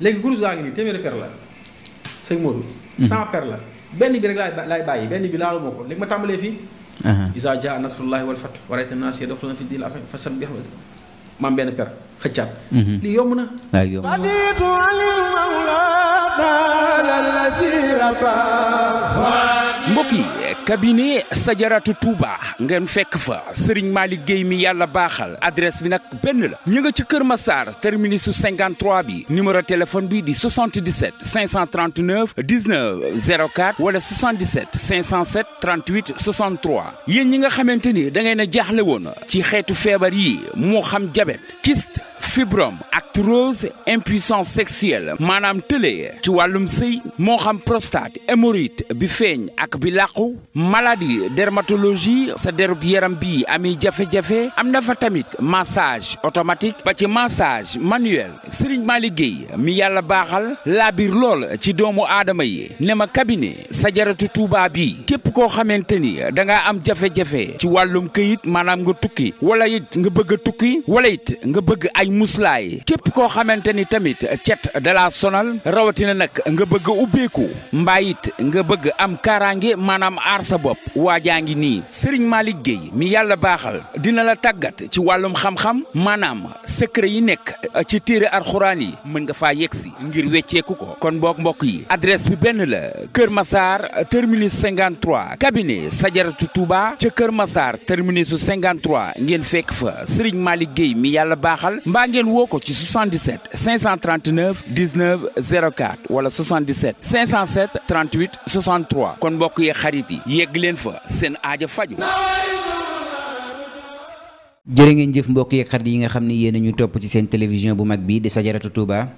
léegi kurus gaa ngi nii téeméeri per la sëñ Modou. 100 mhm. per la benn bi rek laay bàyyi benn bi laalu moo ko léegi ma tàmbalee fii. isa jaa nasrullahi wal fath wa ra'aytan naas yadxuluuna fi diin fasabbih maam benn per xëccaat. Mhm. lii yomb na. waaw yomb na mbokk yi. cabinet Sajaratu Touba ngeen fekk fa Serigne Malick Guèye mi yàlla baaxal adresse bi nag benn la ñu nga ci Kër Massar terminus su 53 bi numéro téléphone bi di 77 539 19 04 wala 77 507 38 yéen ñi nga xamante ni da ngeen a jaaxle woon ci xeetu feebar yi moo xam diabète kyste fibrom arthrose impuissance sexuelle maanaam tëlee ci wàllum sëy moo xam prostate hémorroïde bi feeñ ak bi làqu maladi dermatologie sa bi yaram bi ami jafe-jafe am na fa tamit massage automatique ba ci massage manuel Serigne maa liggéey mi yàlla baaxal laa biir lool ci doomu aadama yi ne ma sa Sajaratu Touba bi képp koo xamante ni da ngaa am jafe-jafe ci wàllum këyit maanaam nga tukki wala nga bëgg a tukki wala nga bëgg ay muslaay képp koo xamante ni tamit cet dala sonal rawatina nag nga bëgg ubbeeku mbaayit nga bëgg am kaaraange maanaam aar sa bopp waajaa ngi nii Serigne Malick Guèye mi yàlla baaxal dina la tàggat ci wàllum xam maanaam secret yi nekk uh, ci téere alxuraan yi mën nga faa yegsi ngir wecceeku ko kon mbokk mbokk yi adresse bi benn la Kër Massar uh, terminus 53 cabinet Sadiaratou Touba ca Kër masaar terminus 53 ngeen fekk fa Serigne Malick Guèye mi yàlla baaxal mbaa ngeen woo ko ci 77 539 19 04 wala 77 507 38 63 kon mbokk yee xarit yi yegg leen fa seen aaja faju jërë ngeen jëf mbokk yeeg xarit yi nga xam ni yéen ñu topp ci seen télévision bu mag bi di sa Sadiaratou Touba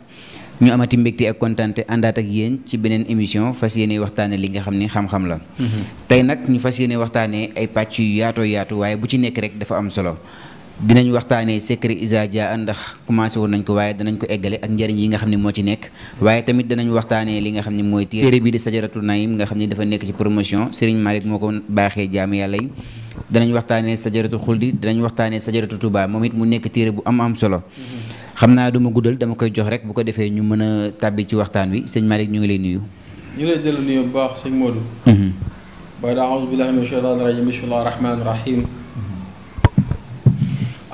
ñu amati mbégte ak kontaante àndaat ak yéen ci beneen émission fas yéene waxtaane li nga xam ni xam-xam la mhm. tey nag ñu fas yéene waxtaane ay pàcc yu yaatoo yaatu waaye bu ci nekk rek dafa am solo dinañ waxtaanee secret Isa Dia ndax commencé woon nañ ko waaye danañ ko eggale ak njëriñ yi nga xam ne moo ci nekk waaye tamit danañ waxtaanee li nga xam ne mooy téere bi di sajaratu naim nga xam ne dafa nekk ci promotion Serigne Malick moo ko baaxee jaamu yàlla yi danañ waxtaanee sajaratu xuldi danañ waxtaanee sajaratu Touba moom it mu nekk téere bu am am solo xam naa du ma guddal dama koy jox rek bu ko defee ñu mën a tàbbi ci waxtaan wi sëñ Malick ñu ngi lay nuyu ñu lay dellu nuyu bu baax sëñ Modou. Mhm.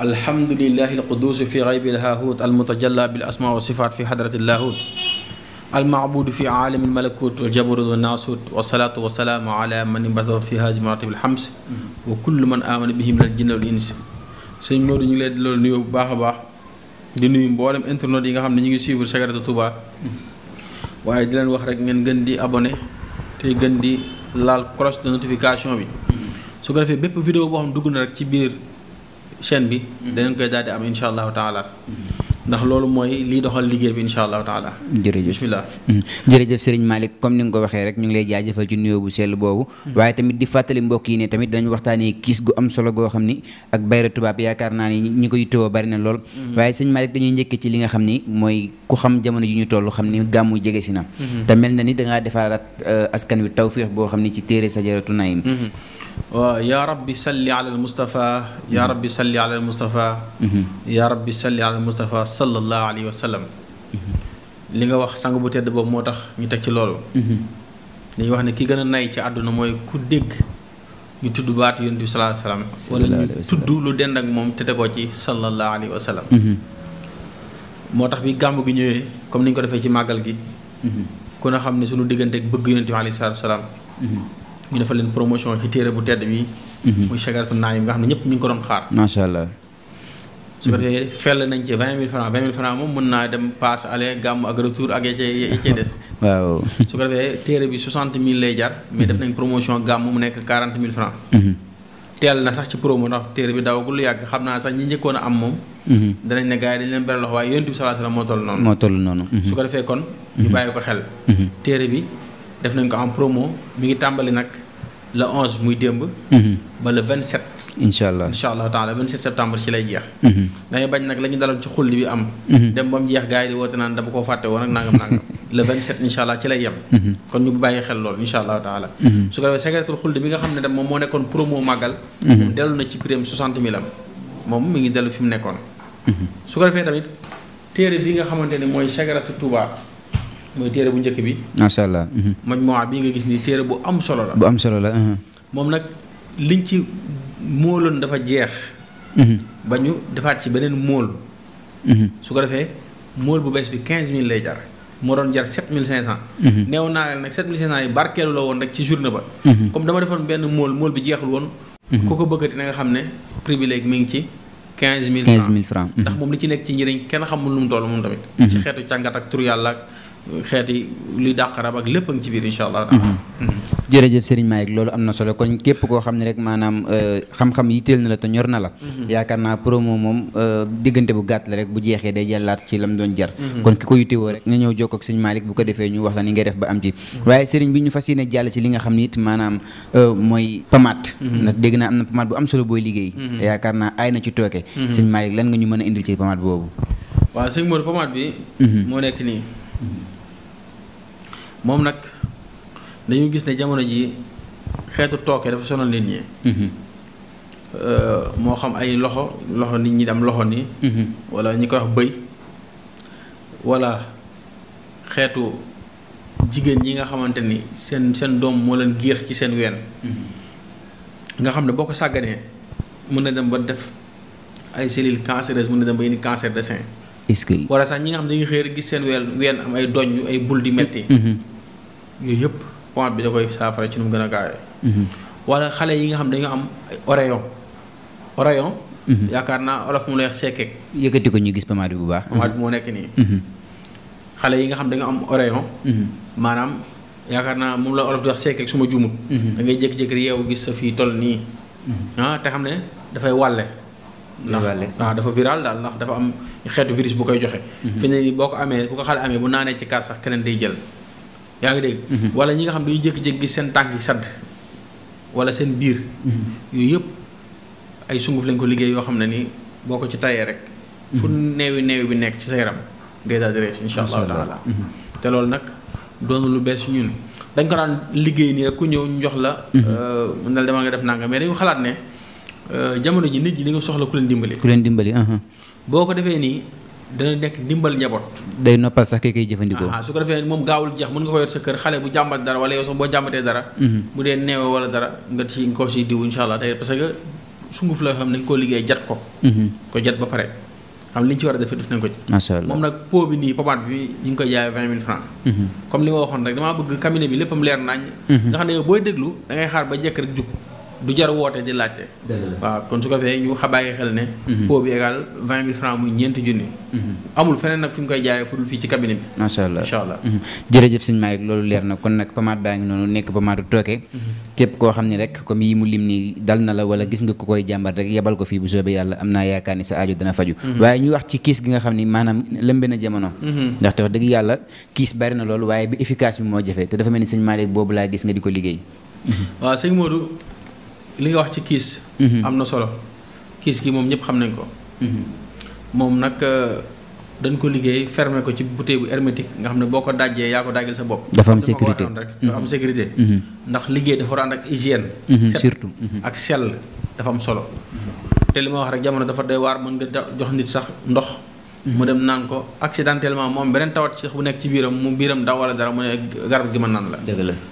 alhamdulillahi alquduusi fi xaybi lhaahut almutajalla bil asma wa sifaat fi xadrati llaahut almaabudu fi aalami almalakut waljabarut wannaasut wasalaatu wasalaamu wa kullu man aamana bihi min aljinna wal ins sëñ Modou ñu leen di loolu nuyoo bu baax a baax di nuyu mboolem internet yi nga xam ne ñu ngi suivre Secret Touba waaye di leen wax rek ngeen gën di abone tey gën di laal cloche de notification bi su ko defee bépp vidéo boo xam dugg na rek ci biir chaîne bi mm-hmm. danañ koy daal di am incha allahu taala mm-hmm. ndax loolu mooy liy doxal liggéey bi incha allahu taala jërëjëf sëriñ mm-hmm. Malick comme ni nga ko waxee rek ñu ngi lay jaajëfal ci nuyoo bu sell boobu waaye tamit di fàttali mbokk yi ne tamit danañ waxtaanee kiis gu am solo goo xam ni ak bayra tubaab yaakaar naa ni ñi ko yittewoo bari na lool waaye sëñ Malick dañuy njëkkee ci li nga xam ni mooy ku xam jamono ji ñu toll xam ni gàmmu jege si na te mel euh, wi tawfiix boo xam ni ci téere Sajaratu yaa rabbi salli ala al mustafa yaa bi salli ala al mustafa mhm. yaa rabbi salli ala al mustafa mhm. sallallahu alayhi wa sallam mhm. li nga wax sangu bu tedd boobu moo tax ñu teg ci loolu dañuy wax ne ki gën a nay ci àdduna mooy ku dégg ñu tudd baatu yonent bi sallallahu alayhi wa sallam wala moom te ci sallallahu alayhi wa sallam moo tax bi gàmm gi ñëwee comme ni ñu ko defee ci màggal gi ku ne xam ne sunu diggante ak bëgg yonent bi alayhi salaatu ñu defal leen promotion ci téere bu tedd bi. Mhm. muy chagaratu naayim nga xam ne ñëpp ñu ngi ko doon xaar. macha allah. su ko defee fell nañ ci vingt mille francs vingt mille francs moom mhm. mu nekk quarante mille francs. Mhm. teel na sax ci promo ndax téere bi dawagul yàgg xam naa sax ñi njëkkoon a am moom. danañ ne gars dañ leen beral loxo waaye yonent bi sallallahu alayhi moo toll noonu. su ko defee kon. ñu bàyyi ko xel. téere bi def nañ ko en promo mi ngi tàmbali nag. le 11 muy démb. Mhm. ba le 27. incha allah incha allah taala septembre ci lay jeex. Mhm. dañuy bañ nag la ñu daloon ci xulli bi am. Mhm. dem ba mu jeex gars yi di woote naan dama koo fàtte woon ak nangam nangam. le 27 incha allah ci lay yem. kon ñu bàyyi xel lool incha allah taala. su ko defee secrétaire xulli bi nga xam ne dem moom moo nekkoon promo màggal. moom dellu na ci prime 60 000 am moom mi ngi dellu fi nekkoon. su ko defee tamit téere mooy téere bu njëkk bi. macha allah. Mhm. bi bii nga gis ni téere bu am solo la. bu am solo la. Mhm. moom nag liñ ci mooloon dafa jeex. Mhm. ba ñu defaat ci beneen mool. su ko defee mool bu bees bi 15000 lay jar. moo doon jar 7500. néew naa leen nag 7500 yi barkeelu la woon rek ci journée ba. comme dama defoon benn mool mool bi jeexul woon. ku ko bëggati na nga xam ne prix bi léegi ngi ci. 15000 francs 15000 francs. ndax moom li ci nekk ci njëriñ kenn xamul nu mu toll moom tamit. ci xeetu càngat tur yàlla xeeti luy dàq rab ak lépp a ci biir incha allah. Mhm. Mhm. jërëjëf Serigne Mayek loolu am na solo kon képp koo xam ne rek maanaam euh, xam-xam yitteel na la te ñor na la. Mhm. yaakaar naa promo moom euh, diggante bu gàtt la rek bu jeexee day jàllaat ci lam doon jar. kon ki ko yittewoo rek nga ñëw jokkoo ak bu ko defee ñu wax ni ngay def ba am ci. waaye Serigne bi ñu li nga xam ni it maanaam euh, mooy pamaat. am na pamaat bu am solo booy liggéey. te yaakaar naa aay na ci tooke. Serigne Malick lan nga ñu mën a indil ci pamaat boobu. waaw sëñ moo nekk nii moom nag dañu gis ne jamono ji xeetu tooke dafa sonal nit ñi. Mm-hmm. Euh, moo xam ay loxo loxo nit ñi am loxo nii. Mm-hmm. wala ñi koy wax bëy wala xeetu jigéen ñi nga xamante ni seen seen doom moo leen géex ci seen ween. Mm-hmm. nga xam ne boo ko sàgganee mën na dem ba def ay cellules cancéreuses mën na dem ba indi cancer de sein. est sax ñi nga xam ne dañuy xëy gis seen ween ween am ay doñ ay bul di metti yooyu yëpp pommade bi da koy saafara ci nu mu gën a gaawee. Mhm. wala xale yi nga xam dañu am oreillon oreillon mhm. yaakaar naa olof mu neex sekkeeg. yëkkati ko ñu gis pommade bu baax. pommade bi moo nekk nii. Mhm. xale yi nga xam dañu am oreillon. maanaam yaakaar naa moom la olof di wax sekkeeg su ma juumut. da ngay jékki-jékki yeewu gis sa fii toll nii. ah te xam ne dafay wàlle. ndax waaw dafa viral daal ndax dafa am xeetu virus bu koy joxe. fi ne nii boo ko amee bu ko xale amee bu naanee ci kaas sax keneen day jël. yaa ngi dégg. Mhm. wala ñi nga xam dañuy jékki-jékki gis seen tànk yi sadd wala seen biir. Mhm. yooyu yëpp ay sunguf lañ ko liggéey yoo xam ne ni boo ko ci tayee rek. Mhm. fu neewi neewi bi nekk ci sa yaram day daal di rees incha allahu taala te loolu nag doonu lu bees ñun dañ ko daan liggéey nii rek ku ñëw ñu jox la. Euh, na la demal nga def nga mais dañu xalaat ne euh, jamono ji nit ñi dañu soxla ku leen dimbali. ku leen dimbali. Uh-huh. boo ko defee nii dana nekk ndimbal njaboot. day noppal sax kii koy jëfandikoo. su ko defee moom gaawul jeex mën nga ko yor sa kër xale bu jàmbat dara wala yow sax boo jàmbatee dara. Mhm. bu dee neewee wala dara nga ci nga ko si diw incha allah day parce que sunguf la xam ne koo liggéey jat ko. Mhm. ko jat ba pare xam li ñu ci war a defee def nañ ko ci. macha allah moom nag pot bi nii pommade bi ñu ngi koy jaayee vingt mille francs. Mhm. comme li ma waxoon rek damaa bëgg cabinet du jar woote di laajte. waaw kon su ko fee ñu xabaayee xel ne. Mhm. pot bi égal vingt mille francs muy ñeenti junni. Mhm. amul feneen nag fu ñu koy jaayee fudul fii ci cabinet bi. macha allah incha allah. Mhm. jërëjëf sëñ Malick loolu na kon nag baa ngi noonu nekk pamaatu tooke. képp koo xam ne rek comme yi mu lim ni dal la wala gis nga ko koy jàmbat rek yebal ko fii bu soobee yàlla am yaakaar ni sa aajo dana faju waaye ñu wax ci kiis gi xam ni maanaam lëmbe na jamono. ndaxte wax dëgg yàlla kiis bari na loolu waaye bi efficace bi moo jafe te dafa mel ni sëñ Malick boobu laa gis nga di ko liggéey. waaw sëñ Modou li nga wax ci kiis mhm. am na solo kiis gi moom ñëpp xam nañ ko mhm. moom nag euh, dañ ko liggéey fermé ko ci bouteille bu hermétique nga xam ne boo ko dajjee yaa ko dajjal sa bopp dafa am sécurité rek dafa am mhm. sécurité ndax liggéey dafa war ànd ak hygiène surtout ak sell dafa am solo te li ma wax rek jamono dafa doy waar mën nga jox nit sax ndox mu dem naan ko accidentellement moom beneen tawat sax bu nekk ci biiram mu biiram daw wala dara mu ne garab gi ma naan la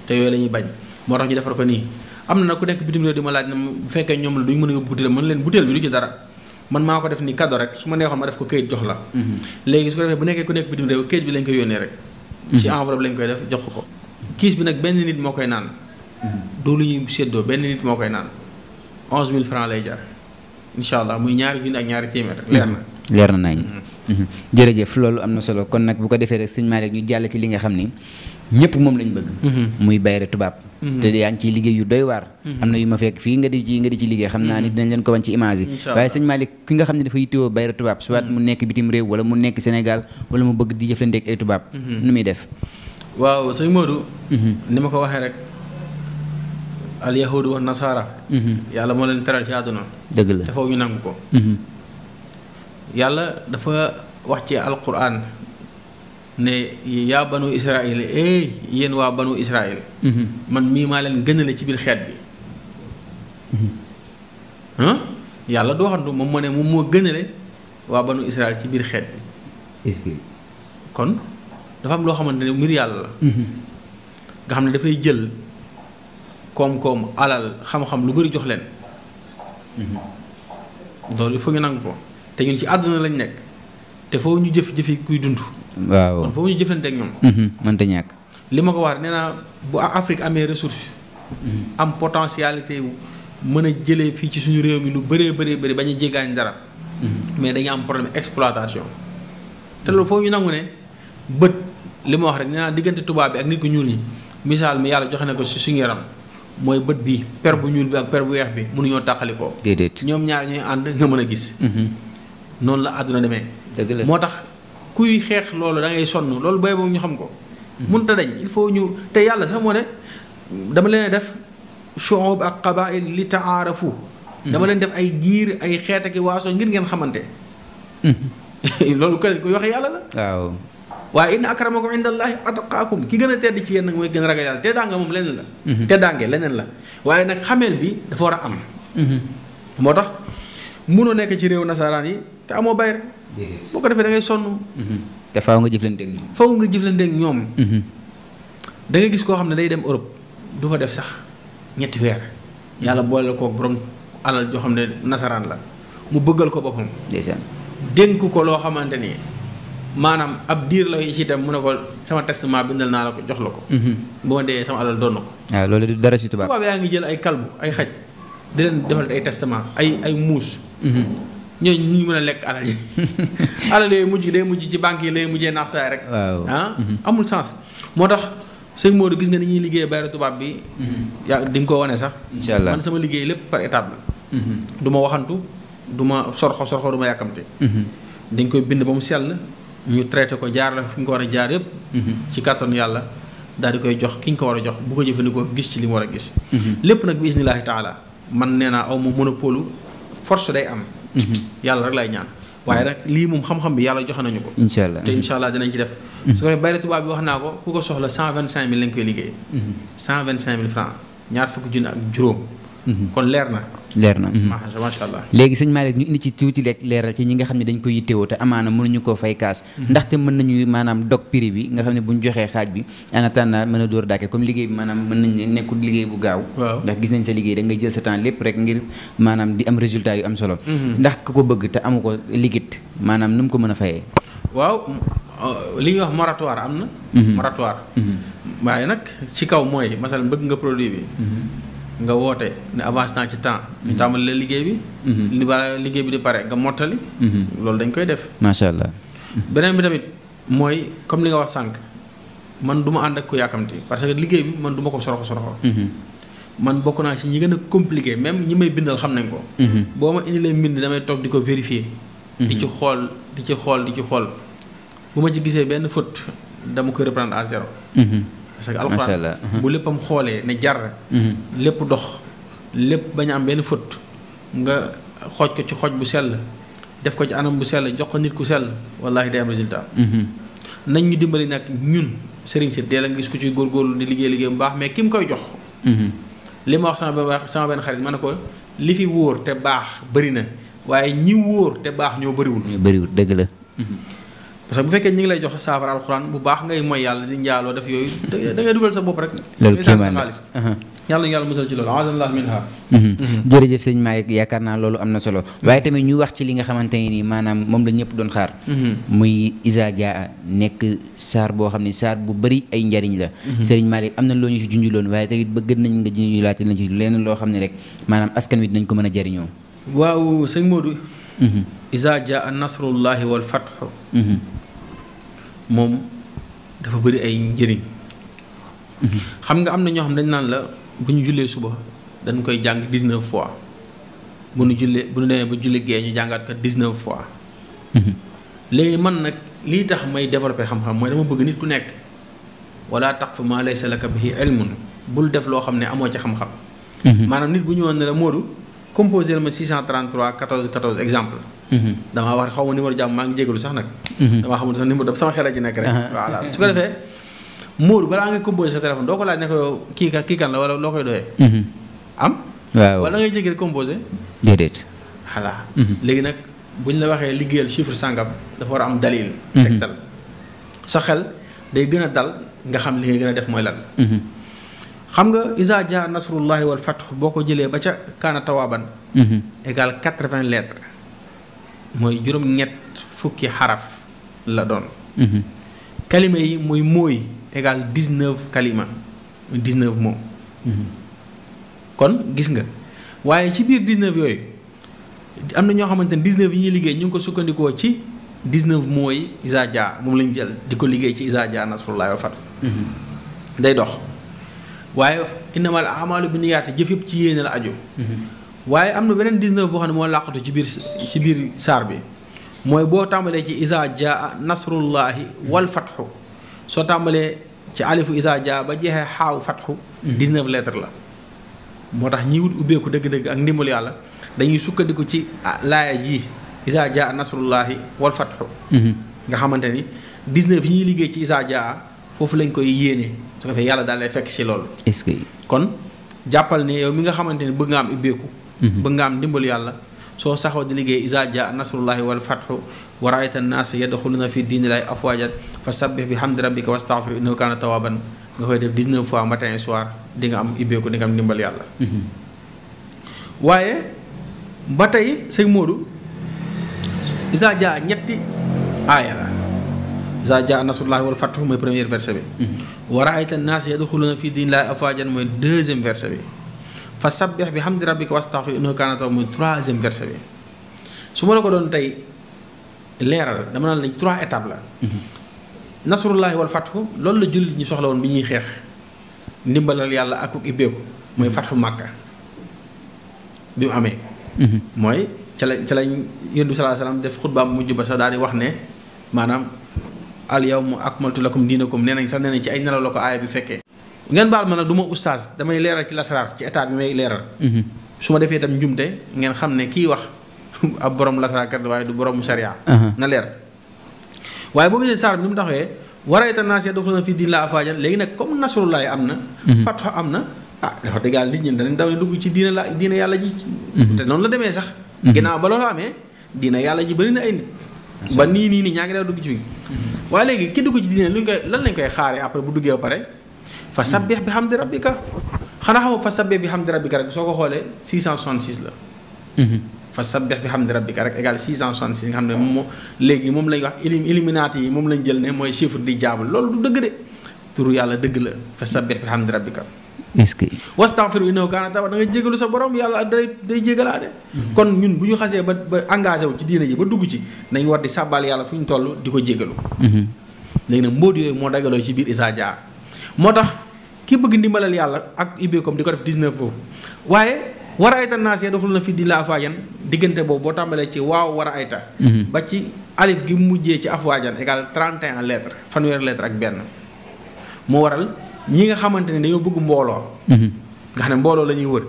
te yooyu la ñuy bañ moo tax ñu nii am na ku nekk bitim réew di ma laaj na bu fekkee ñoom la duñ mën a yóbbu butéel mën leen butéel bi du ci dara man maa ko def ni cadeau rek su ma neexoon ma def ko këyit jox la mm-hmm. léegi su ko defee bu nekkee ku nekk bitim réew këyit bi lañ koy yónnee rek mm-hmm. ci enveloppe lañ koy def jox ko kiis bi nag benn nit moo koy naan mm-hmm. doo lu ñuy séddoo benn nit moo koy naan onze mille francs lay jar incha allah muy ñaari junni ak ñaari téeméer rek leer na leer na nañ jërëjëf loolu am na solo kon nag bu ko defee rek sëñ Malick ñu jàll ci li nga xam ni ñëpp moom lañ bëgg. Mhm. muy bayre tubaab. Mhm. te yaa ngi ciy liggéey yu doy waar. Mhm. am na yu ma fekk fii nga di ci nga di ci liggéey xam naa ni dinañ leen ko wan ci image yi. waaye sëñ Malick ki nga xam ne dafa yittewoo bayre tubaab soit mu nekk bitim réew wala mu nekk Sénégal wala mu bëgg di jëflanteeg ay tubaab. nu muy def. waaw sëñ Modou. ni ma ko waxee rek. al yahudu wa nasaara. yàlla moo leen teral ci àdduna. dëgg la te foofu ñu nangu ko. yàlla dafa wax ci alquran. ne yaa banu israil eh waa banu israil mhm. man mii maa leen gënale ci biir xeet bi mhm. yàlla du waxantu moom moo ne moom moo gënale waa banu israil ci biir xeet bi kon dafa am loo xamante ne mbir yàlla la mhm. nga xam ne dafay jël koom-koom alal xam-xam lu bari jox leen loolu il faut nangu ko te ñun ci àdduna lañ nekk te foo ñu jëf jëfi kuy dund waaw kon foofu ñu jëflante ak ñoom. Mhm, mënta ñàkk. li ma ko wax nee naa bu Afrique amee ressource. Mhm. am potentialité mën a jëlee fii ci suñu réew mi lu bëree bëree bëri bañ a jéggaani dara. Mhm. mais dañu am problème exploitation. te loolu foofu ñu nangu ne bët li ma wax rek nee naa diggante tubaab bi ak nit ko ñuul ñi misaal mi yàlla joxe na ko si suñu yaram mooy bët bi per bu ñuul bi ak per bu weex bi mënuñoo tàqali ko. déedéet ñoom ñaar ñooy ànd nga mën a gis. noonu la kuy xeex loolu da ngay sonn loolu bay boobu ñu xam ko. mënut a dañ il faut ñu te yàlla sax moo ne dama leen def shu'ub ak qabaa'il li ta'aarafu dama leen def ay giir ay xeet ak i waaso ngir ngeen xamante. Mm-hmm. loolu kenn kuy wax yàlla la. waaw waaye inna akramakum indallahi atqaakum ki gën a tedd ci yéen nag mooy gën a ragal yàlla teddaange moom leneen la. Mm-hmm. teddaange leneen la waaye nag xameel bi dafa war a am. Mm-hmm. moo tax munoo nekk ci réew nasaraan yi te amoo bayre boo ko defee da sonn. Mhm. te faaw nga jëflante ak ñoom. faaw nga jëflante ñoom. Mhm. da ngay gis koo xam ne day dem Europe du fa def sax ñetti weer. Mhm. yàlla boole kook borom alal joo xam ne nasaraan la mu bëggal ko boppam. ndeysaan dénk ko loo xamante ni maanaam ab diir la ci itam mu ne ko sama testament bindal naa la ko jox la ko. bu ma dee sama alal doon na ko. waaw loolu du dara ci tubaab. tubaab yaa ngi jël ay kalbu ay xaj di leen defal ay testament ay ay muus. ñooñu ñu mën a lekk alal yi alal yooyu mujj day mujj ci banque yi lay mujjee naax saay rek. ah mhm. amul sens moo tax. sëñ Modou gis nga ni ñuy liggéey bayra tubaab bi. Mhm. yaa di nga ko wane sax. incha allah man sama liggéey lépp par étape mhm. du ma waxantu du ma sorxo sorxo du ma yàkkamte. dañ koy bind ba mu sell ñu traité ko jaar la fi ko war a jaar yëpp. ci kàttanu yàlla daal di koy jox ki nga ko war a jox bu jëfandikoo gis ci li mu war a gis. lépp nag bi isnilaahi taala man nee naa aw ma monopole force day am. yàlla rek laay ñaan waaye rek lii moom xam-xam bi yàlla joxe nañu ko incha allah te incha allah dinañ ci def mm-hmm. su ko defee bayre tubaab bi wax naa ko ku ko soxla cent vingt cinq mille lañ koy liggéey mm-hmm. cent vingt cinq mille francs ñaar fukki junni ak juróom mm-hmm. kon leer na leer na mhm. macha allah léegi sëñ Malick ñu indi ci tuuti rek leeral ci ñi nga xam ne dañ ko yittewoo te amaana mënuñu koo fay kaas mhm. ndaxte mën nañu maanaam dog prix bi nga xam ne bu ñu joxee xaaj bi en a da ngay jël sa temps lépp rek ngir maanaam di am résultat yu am solo mhm. ndax ku ko bëgg te amu ko maanaam nu mu ko mën a fayee waaw euh, li ñuy wax moratoire am na moratoire waaye nag ci kaw mooy masalan bëgg nga produit bi nga woote ne avance naa ci temps. ñu tàmbali la liggéey bi. Mhm. li ba liggéey bi di pare nga mottali. Mhm. loolu dañ koy def. macha allah. beneen bi tamit mooy comme li nga wax sànq man du ma ànd ak ku yàkkamti parce que liggéey bi man du ma ko soroxo soroxo. Mhm. man bokk naa si ñi gën a compliqué même ñi may bindal xam nañ ko. boo ma indilee bind damay toog di ko vérifier. di ci xool di ci xool di ci xool bu ma ci gisee benn faute dama koy reprendre à zéro. parce que alxuraan bu léppam xoolee ne jar mhm. lépp dox lépp bañ am benn fët nga xooj ko ci xooj bu sell def ko ci anam bu sell jox ko nit ku sell wallaahi day am résultat mhm. nañ ñu dimbali nag ñun sëriñ si dee la nga gis ku ci góorgóorlu di liggéey liggéey bu baax mais ki mu koy jox mhm. li ma wax sama benn sama benn xarit ma ne ko li fi wóor te baax bari na waaye ñi wóor te baax ñoo bëriwul bëriwul dëgg la parce que bu fekkee ñu ngi lay jox saafara alxuraan bu baax ngay mooy yàlla di njaaloo def yooyu da dugal sa bopp rek. loolu kéemaan la yàlla yàlla musal ci loolu azallah minha mhm. jërëjëf sëñ Malick yaakaar naa loolu am na solo waaye tamit ñu wax ci li nga xamante ne nii maanaam moom la ñëpp doon xaar mhm. muy isa jaa nekk saar boo xam ne saar bu bëri ay njariñ la mhm. sëriñ Malick am na loo ñu si junjuloon waaye ba gën nañ nga junju laajte lañ ci leneen loo xam ne rek maanaam askan wi dinañ ko mën a jariñoo waaw sëñ Modou isa jaa wal fathu moom dafa bëri ay njëriñ xam nga am na ñoo xam dañ naan la bu ñu jullee suba dañ koy jàng dix-neuf fois bu nu jullee bu nu demee ba julli gee ñu jàngaat ko dix-neuf fois léegi man nag lii tax may développé xam-xam mooy dama bëgg nit ku nekk tax wala taqfu maa laysa laka bihi ilmun bul def loo xam ne amoo ci xam-xam mhm. maanaam nit bu ñu woon ne la Modou composé ma 633 14 14 exemple Mm-hmm. damaa wax xaw ma numéro jàmm maa ngi jégalu sax nag. Mm-hmm. damaa xamul sax numéro sama xel a ji nekk rek. Uh-huh. voilà su ko sa téléphone doo ko laaj ne ko kii kii kan la wala loo koy doyee. Mm-hmm. am. waaw wala ngay jékki rek composé. déedéet. léegi nag buñ la waxee liggéeyal chiffre sangam dafa war a am sa xel day gën a dal nga xam li ngay gën a def mooy lan. xam nga isa jaa nasrullahi wal fath boo ko jëlee ba ca kaana tawaaban égal quatre-vingts lettres. mooy juróom-ñett fukki xaraf la doon. Mhm. kalima yi muy mooy égal dix-neuf kalima dix moom. Mhm. kon gis nga waaye ci biir dix-neuf yooyu am na ñoo xamante ne dix-neuf yi ñuy liggéey ñu ngi ko sukkandikoo ci dix-neuf mooy isaaja moom lañ jël di ko liggéey ci isaaja nasrullahi wa fat mhm. day dox waaye innamal amalu bi niyaati jëf yëpp ci yéene la aju. waaye am na beneen 19 boo xam ne moo làqatu ci biir ci biir saar bi mooy boo tàmbalee ci isa jaa nasrullahi wal fatxu soo tàmbalee ci alifu isa jaa ba jeexee xaaw fatxu 19 mhm. lettres la moo tax ñiy wut ubbeeku dëgg-dëgg ak ndimbalu yàlla dañuy sukkandiku ci ah, laaya ji isa jaa nasrullahi wal fatxu mhm. nga xamante ni 19 yi ñuy liggéey ci isa jaa foofu lañ koy yéene su ko defee yàlla daal lay fekk si loolu est kon jàppal ne yow mi nga xamante ni bëgg nga am ubbeeku bëgg nga am ndimbalu yàlla soo saxoo di liggéey isa ja nasrullahi wal fathu wa raayta annaasa yadxuluna fi diinillahi afwaajan fa sabbih bi hamdi rabbika wastaghfir innahu kaana tawaaban nga koy def 19 fois matin et soir di nga am ibbeeku di am ndimbalu yàlla mm-hmm. waaye ba tey sëñ Modou isa ñetti aaya la isa ja nasrullahi wal fathu mooy premier verset bi mm-hmm. wa raayta annaasa yadxuluna fi diinillahi afwaajan mooy deuxième verset bi fa sabbih bi hamdi rabbika wastaghfir innahu kaana tawwaaban muy troisième verset bi su ma la ko doon tey leeral dama naan lañ trois étapes la mhm. nasrullahi wal fathu loolu la jullit ñi soxla woon bi ñuy xeex ndimbalal yàlla ak uk ibbeeku mooy mhm. fathu màkka bi mu amee mhm. mooy ca la ca lañ yëndu salaa salaam def xutbaam mujj ba sax daal di wax ne maanaam al yawma akmaltu lakum diinakum nee nañ sax nee nañ ci ay nelaw la ko aaya bi fekkee ngeen baal ma nag du ma oustaz damay leeral ci lasaraar ci état bi may leeral. Mhm. su ma defee itam njumte ngeen xam ne kii wax ab borom lasaraar kat waaye du borom sharia na leer waaye boo gisee saar bi ni mu taxawee warayta naas yadxuluuna fii diinillaahi afwaajan léegi nag comme nasrullaahi am na. Mhm. fathu am na ah dafa dëggal nit ñi danañ daw ne dugg ci diina la diina yàlla ji. Mhm. te noonu la demee sax. ginnaaw ba loolu amee diina yàlla ji bari na ba nii nii nii ñaa ngi daw dugg ci biir. waaye léegi ki dugg ci diina luñ koy lan lañ koy xaaree après bu duggee ba pare. fa sabbih bi hamdi rabbika xanaa xamoo fa rabbika rek soo ko xoolee 666 la. Mhm. fa sabbih bi hamdi rabbika rek égal 666 nga xam ne moom léegi moom lañ wax ilim yi moom lañ jël ne mooy chiffre di jaabul loolu du dëgg de turu yàlla dëgg la fa sabbih bi hamdi rabbika. est-ce que. wastaghfiru innahu kaana tawwaaba sa borom yàlla day day jégalaade. Mhm. kon ñun bu ñu xasee ba ba engagé wu ci diina ji ba dugg ci nañ war di sàbbaal yàlla fu ñu toll di ko jégalu. Mhm. léegi nag mbóot yooyu moo dagaloo ci biir Isa Dia. moo tax ki bëgg ndimbalal yàlla ak ubbeekom di ko def 19 boobu waaye war a ayta naas yee doxul na fi di la afwaajan diggante boobu boo tàmbalee ci waaw war a ayta mhm. ba ci alif gi mu mujjee ci afwaajan égal 31 lettres fanweeri lettres ak benn moo waral ñi nga xamante ne dañoo bëgg mbooloo mhm. nga xam ne mbooloo la ñuy wër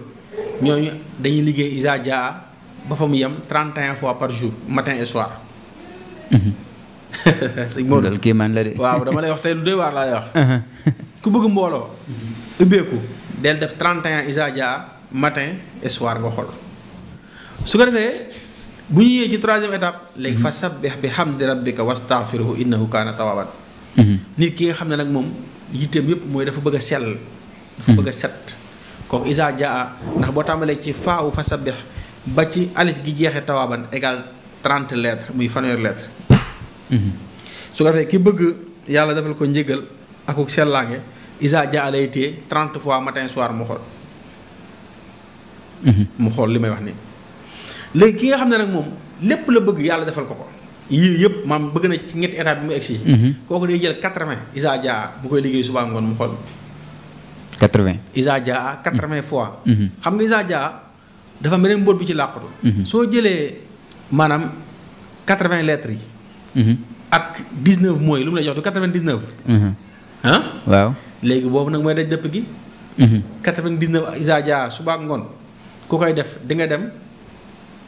ñooñu dañuy liggéey isa jaa ba fa mu yem 31 fois par jour matin et soir mhm. sëñ Modou loolu kéemaan la de waaw dama lay wax te lu doy waar ku bëgg mbooloo. Mhm. ubbeeku del def 31 isaa dia matin et soir nga xool su ko defee bu ñu ñëwee ci troisième étape. léegi mhm. fa sabbih bi xam hamdi rabbika wastaghfirhu innahu kaana tawaaban mhm. nit ki nga xam ne nag moom yitteem yëpp mooy dafa bëgg a sell. dafa bëgg a set. kooku isa dia ndax boo tàmbalee ci faaw fa sabbih ba ci alif gi jeexee tawaaban égal 30 lettres muy fanweeri lettres. su ko defee ki bëgg yàlla defal ko njëgal. akuk sellaange isa ja lay téye trente fois matin soir mu xool mhm. mu xool li may wax nii léegi ki nga xam ne nag moom lépp la bëgg yàlla defal ko ko yii yëpp maam bëgg na ci ñetti étape bi mu egsi mhm. kooku day jël quatre-vingts isa ja bu koy liggéey subaa ngoon mu xool quatre-vingts isa ja quatre-vingts mhm. fois xam nga isa ja dafa beneen mbóot bi ci làqatu soo jëlee maanaam quatre-vingts lettres yi ak dix-neuf mooy lu mu lay jox du quatre-vingt-dix-neuf ah waaw léegi boobu nag mooy daj dëpp gi 99 mhm. isa dia suba subaak ngoon ku koy def di dem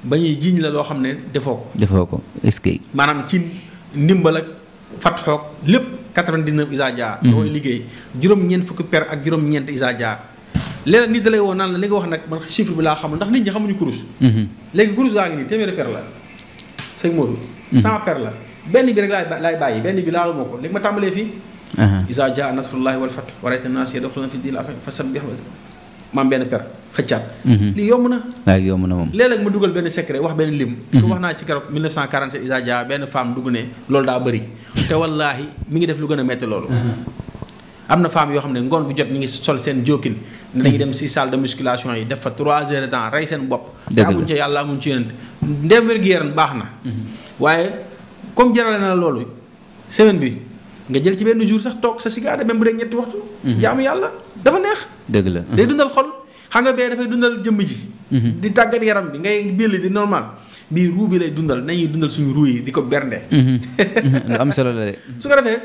ba ñuy jiiñ la loo xam ne defoo ko defoo ko est-ce que maanaam ci ndimbal ak fatxoog lépp 99 isa dia looy mhm. liggéey juróom-ñeent fukki per ak juróom-ñeent isa dia léeg-léeg nit da lay woo naan la li nga wax nag man chiffre bi laa xamul ndax nit ñi xamuñu kurus mhm. léegi kurus gaa ngi nii téeméeri per la sëñ Modou 100 per la benn bi rek laay laay bàyyi benn bi laalu ko léegi ma tàmbalee fii Uh-huh. isa jaa nasrullahi wal fath wa rayta naas yadxuluuna fi diinil afwaaja fasabbih maam benn per xëccaat uh-huh. lii yomb na waaw yomb na moom léeg-léeg ma dugal benn secret wax benn lim ko uh-huh. wax naa ci keroog 1947 isa jaa benn femme dugg ne loolu daa bëri te wallaahi mi ngi def lu gën a metti loolu am na femme yoo xam ne ngoon bu jot ñu ngi sol seen jokkin ne dañuy dem si salle de musculation yi def fa 3 heures de temps rey seen bopp te amuñ ci yàlla amuñ ci yonent ndem gi yaram baax na waaye comme jarale na loolu semaine bi nga jël ci benn jur sax toog sa sigaada même bu dee ñetti waxtu. Mhm. jaamu yàlla dafa neex. dëgg la day dundal xol xam nga bee dafay dundal jëmm ji. Mhm. di tàggat yaram bi ngay belli di normal bii ruu bi lay dundal nañuy dundal suñu ruu yi di ko bernde. Mhm. lu am solo la de. su ko defee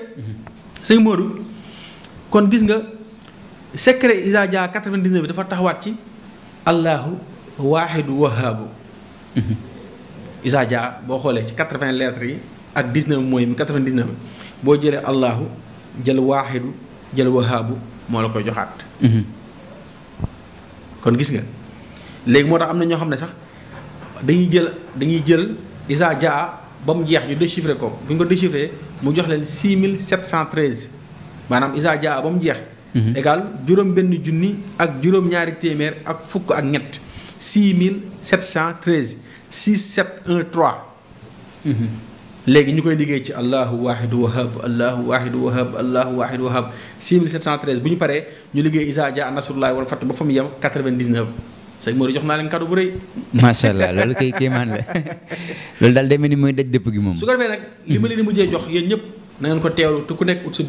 sëñ Modou kon gis nga secret Isa Dia 99 bi dafa taxawaat ci Allahu waaxidu wahaabu. Isa boo xoolee ci 80 lettres yi ak 19 mooy 99. boo jëlee allahu jël waaxidu jël wahaabu moo la ko joxaat mhm. kon gis nga léegi moo tax am na ñoo xam ne sax dañuy jël dañuy jël isa jaa ba mu jeex ñu déchiffré ko bu nga ko déchiffré mu jox leen 6713 maanaam isa jaa ba mu jeex mhm. égal juróom benn junni ak juróom ñaari téeméer ak fukk ak ñett 6713 6713 léegi ñu koy liggéey ci allahu wahidu wahab allahu wahidu wahab allahu wahidu wahab 6713 bu ñu paree ñu liggéey isa ja nasrullahi wal fath ba fa mu yem 99 sëñ Mori jox naa leen cadeau bu rëy macha allah loolu kay kéemaan loolu daal demee ni mooy daj dëpp gi moom su ko defee nag li ma leen di jox yéen ñëpp na ngeen ko teewlu ku nekk ut sa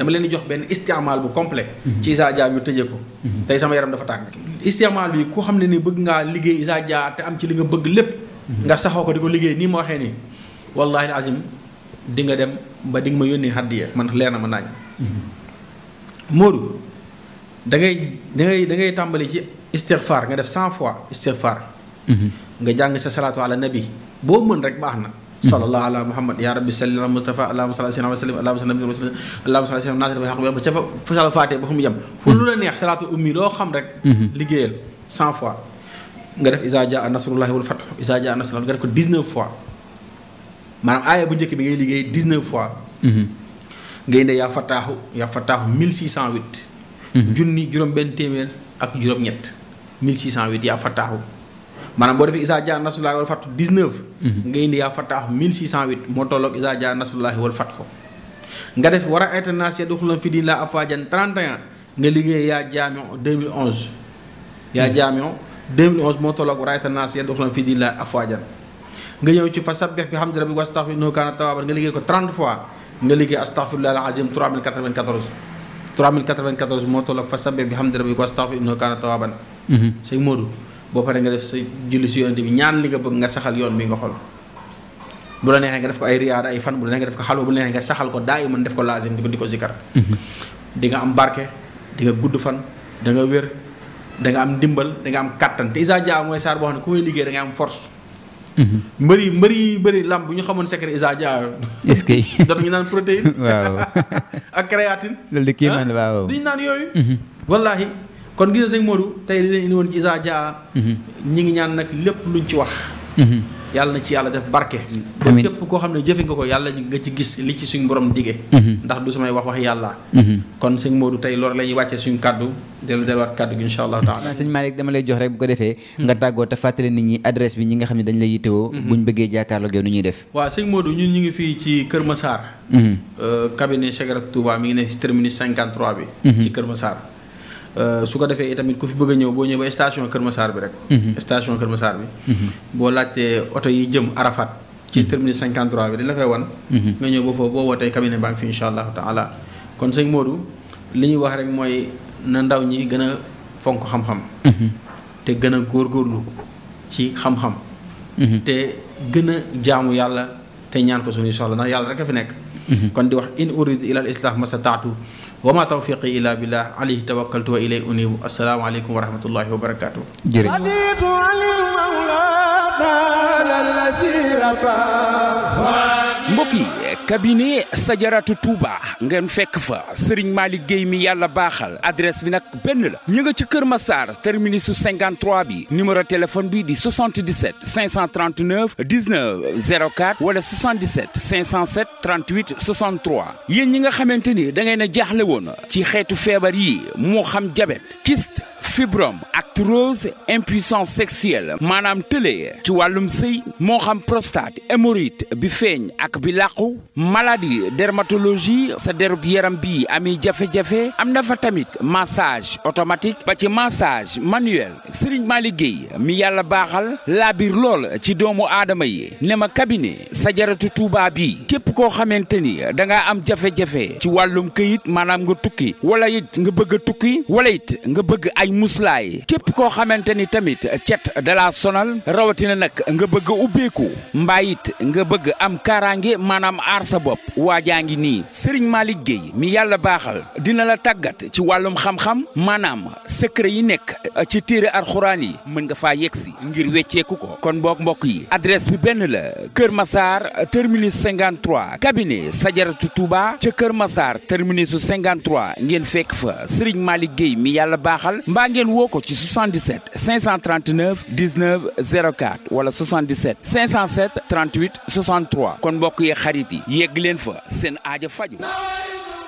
dama leen di jox benn istiamal bu complet ci isa ja ñu tëjee ko mhm. tey sama yaram dafa tàng istiamal bi ku xam ne ni bëgg ngaa liggéey isa ja te am ci li nga bëgg lépp mhm. nga saxoo ko di ko liggéey nii ma waxee nii wallahi azim di nga dem ba di nga ma yónnee hàddiya man leer na ma naaj. Modou da ngay da ngay da ngay tàmbali ci istighfar nga def cent fois istighfar. nga jàng sa salaatu ala nabi boo mën rek baax na. sallallahu ala muhammad ya rabbi salli ala mustafa allahumma salli ala sayyidina wa sallim allahumma salli allahumma salli ala nasir bi haqq ba ca fa sala faatee ba fu mu yem fu lu la neex salaatu ummi loo xam rek liggéeyal cent fois nga def isa jaa nasrullahi wal fath isa jaa nasrullahi nga def ko dix-neuf fois maanaam aaya bu njëkk bi ngay liggéey 19 fois. Mhm. ngay ne yaa fataaxu yaa fataaxu 1608. Mhm. junni juróom-benn téeméer ak juróom-ñett 1608 yaa fataaxu maanaam boo defee Isa Dia Nasrullahi wal Fathu 19. Mhm. ngay ne yaa fataaxu 1608 moo tolloog Isa Dia Nasrullahi wal Fathu nga def war a ayta naas yadxuluuna fi diin laa afwaajan 31 nga liggéey yaa jaamiu 2011. yaa jaamiu 2011 moo tolloog war a ayta naas yadxuluuna fi diin laa afwaajan nga ñëw ci fa sabbih bi hamdi rabbika wastaghfir innahu kaana tawwaban nga liggéey ko 30 fois nga liggéey astaghfirullah al-azim 3094 3094 moo toll ak fa sabbih bi hamdi rabbika wastaghfir innahu kaana tawwaban mhm. sëñ Modou boo paree nga def sa julli si yoonte bi ñaan li nga bëgg nga saxal yoon bi nga xool bu la neexee nga def ko ay riyaada ay fan bu la neexee nga def ko xalwa bu la neexee nga saxal ko daa iman def ko laazim di ko di ko zikkar mhm. di nga am barke di nga gudd fan da nga wér da nga am ndimbal da nga am kattan te isa jaa mooy saar boo xam ne ku koy liggéey da nga am force Mm-hmm. mbëri mbëri bëri làmb bu ñu xamoon secret Isa Dia. est-ce que dootuñu naan protéine. waaw ak créatine. loolu de kii man la ah, waaw duñu naan yooyu. Mm-hmm. wallaahi kon gis na sëñ tey li leen indi ci Isa mm-hmm. ñi ngi ñaan nag lépp luñ ci wax. yàlla na ci yàlla def barke ba képp koo xam ne jëfe nga ko yàlla nga ci gis li ci suñ borom dige mhm. ndax du samay wax wax yàlla mhm. kon sëñ Modou tey loolu la ñuy suñu kàddu dellu delluwaat kàddu gi incha allahu taala sëñ Malick dama lay jox rek bu ko defee mhm. nga tàggoo te fàttali nit ñi adresse bi ñi nga xam ne dañ lay yittewoo buñ bëggee jàkkaarloog yow nu ñuy def waaw sëñ Modou ñun ñu ngi fii ci Kër Massar euh, cabinet Cheikh Touba mi ngi ne ci Euh, su ko defee itamit ku fi bëgg a ñëw boo ñëwee ba station Kër bi rek. Mhm. station Kër Massar bi. Mhm. boo laajtee oto yi jëm Arafat. ci mhm. terminus 53 bi dañ la koy wan. nga ñëw ba foofu boo wootee cabinet baa ngi fi incha allahu taala kon sëñ Modou li ñuy wax rek mooy na ndaw ñi gën fonk xam-xam. te gën a góorgóorlu ci xam-xam. te gën a jaamu yàlla te ñaan ko suñuy soxla ndax yàlla rek a fi nekk. kon di wax in uridu ilal islah ma sa taatu wa ma tawfiqi illa billah alayhi tawakkaltu wa ilayhi unibu assalaamu aleykum wa rahmatullahi wa barakatuh mbokk yi cabinet sajaratu Touba ngeen fekk fa Serigne Malick liggéey mi yàlla baaxal adresse bi nag benn la ñu nga ci Kër Massar terminus su 53 bi numéro téléphone bi di 77 539 19 04 wala 77 507 38 63 yéen ñi nga xamante ni da ngeen a jaaxle woon ci xeetu feebar yi moo xam diabète kyste fibrome arthrose impuissance sexuelle maanaam tëlee ci wàllum sëy moo xam prostate hémorroïde bi feeñ ak bi làqu maladie dermatologie sa derub yaram bi ami jafe-jafe am nafa tamit massage automatique ba ci massage manuel Serigne Malick liggéey mi yàlla baaxal laa biir lool ci doomu aadama yi ne ma cabinet Sajaratu Touba bi képp koo xamante ni da ngaa am jafe-jafe ci wàllum këyit maanaam nga tukki wala it nga bëgg a tukki wala it nga bëgg ay muslaay képp koo xamante ni tamit cet da laa sonal rawatina nag nga bëgg ubéeku ubbeeku mbaa it nga bëgg am kaaraange maanaam aar sa bopp waajaa ngi nii Malick Guèye mi yàlla baaxal dina la tàggat ci wàllum xam-xam maanaam secret yi nekk euh, ci téere alxuraan yi mën nga faa yegsi ngir wecceeku ko kon mbok mbokk yi adres bi benn la Kër Massar euh, terminus 53 cabinet Sajaratu Touba ca Kër Massar terminus 53 ngeen fekk fa Serigne Malick Guèye mi yàlla baaxal mbaa ngeen woo ko ci 77 539 19 wala 77 507 38 63 kon mbokk yi xarit yi yegg leen fa seen aaja faju waay